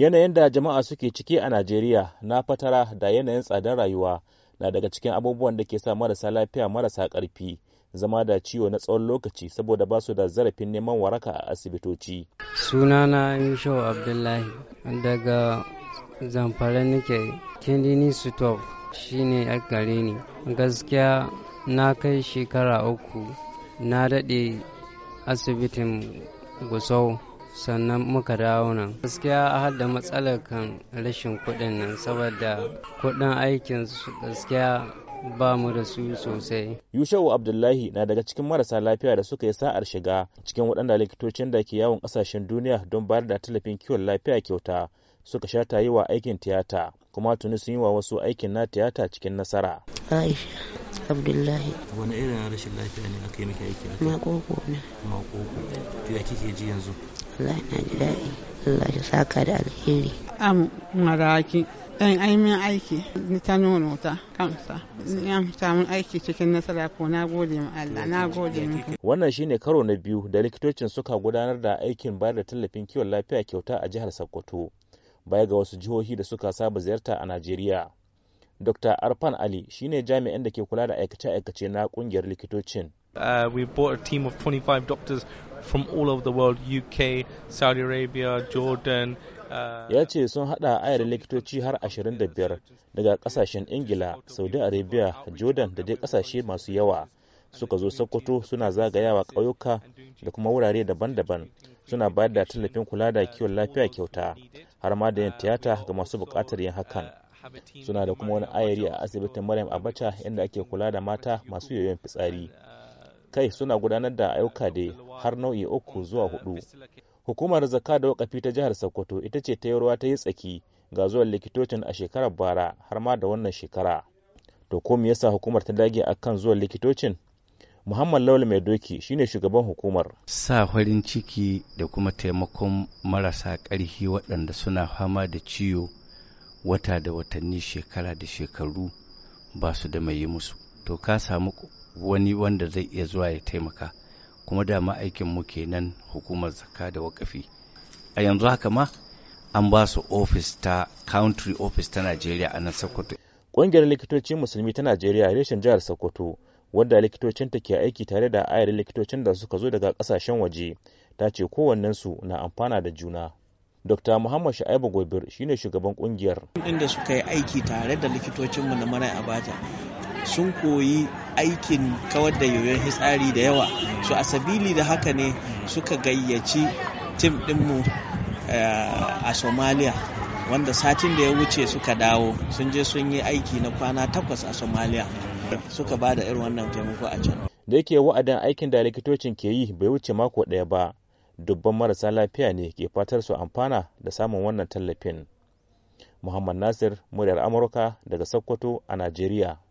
yanayin da jama'a suke ciki a najeriya na fatara da yanayin tsadar rayuwa na daga cikin abubuwan da ke sa marasa lafiya marasa ƙarfi zama da ciwo na tsawon lokaci saboda ba su da zarafin neman waraka a asibitoci sunana yushau abdullahi daga zamfara nake kendini sutop shine a gare ni gaskiya na kai shekara uku na daɗe asibitin gusau sannan muka dawo nan gaskiya a hada matsalar kan rashin kuɗin nan saboda kuɗin aikin su gaskiya ba mu da su sosai. Yushau Abdullahi na daga cikin marasa lafiya da suka yi sa'ar shiga cikin waɗanda likitocin da ke yawon ƙasashen duniya don bayar da tallafin kiwon lafiya kyauta suka sha ta yi wa aikin tiyata kuma tuni sun yi wa wasu aikin na tiyata cikin nasara. Aisha Abdullahi. Wani irin rashin lafiya ne aka yi maka aiki? Makoko ne. Makoko. ya kike ji yanzu? Allah shi ne aiki cikin nasara wannan shine karo na biyu da likitocin suka gudanar da aikin bayar da tallafin kiwon lafiya kyauta a jihar Sokoto baya ga wasu jihohi da suka saba ziyarta a Najeriya Dr. Arfan Ali shine jami'in da ke kula da aikace-aikace na kungiyar likitocin Uh, we brought a team of 25 doctors from all over the world UK, Saudi Arabia, Jordan. Uh, ya ce sun hada ayar likitoci har 25 daga kasashen Ingila, Saudi Arabia, Jordan da dai kasashe masu yawa. Suka zo Sokoto suna zagayawa ƙauyuka da kuma wurare daban-daban suna bayar da tallafin kula da kiwon lafiya kyauta har ma da yin tiyata ga masu buƙatar yin hakan. Suna da kuma wani ayari a asibitin Maryam Abacha inda ake kula da mata masu yoyon fitsari. kai suna gudanar da ayyuka da har nau'i uku zuwa hudu hukumar zakka da wakafi ta jihar sokoto ita ce ta yarwa ta yi tsaki ga zuwan likitocin a shekarar bara har ma da wannan shekara to ko me yasa hukumar ta dage akan zuwan likitocin muhammad lawal mai doki shine shugaban hukumar sa farin ciki da kuma taimakon marasa ƙarfi waɗanda suna fama da ciwo wata da watanni shekara da shekaru ba su da mai yi musu to ka samu wani wanda zai iya zuwa ya taimaka kuma ma aikin mu kenan hukumar zakka da wakafi a yanzu haka ma an ba su ofis ta country office ta Najeriya a nan Sokoto ƙungiyar likitocin musulmi ta Najeriya reshen jihar Sokoto wadda likitocinta ke aiki tare da ayar likitocin da suka zo daga kasashen waje ta ce kowannensu na amfana da juna dr muhammad sha'ibu gobir ne shugaban kungiyar inda suka yi aiki tare da likitocinmu na marai abaja sun koyi aikin kawar da yoyon hitsari da yawa su a sabili da haka ne suka gayyaci tim ɗinmu eh, a somalia wanda satin da ya wuce suka dawo sun je sun yi aiki na kwana takwas a somalia suka ba da irin wannan taimako a can da yake wa'adin aikin da likitocin ke yi bai wuce mako daya ba dubban marasa lafiya ne ke fatar su amfana da samun wannan tallafin muhammad nasir muryar amurka daga sokoto a najeriya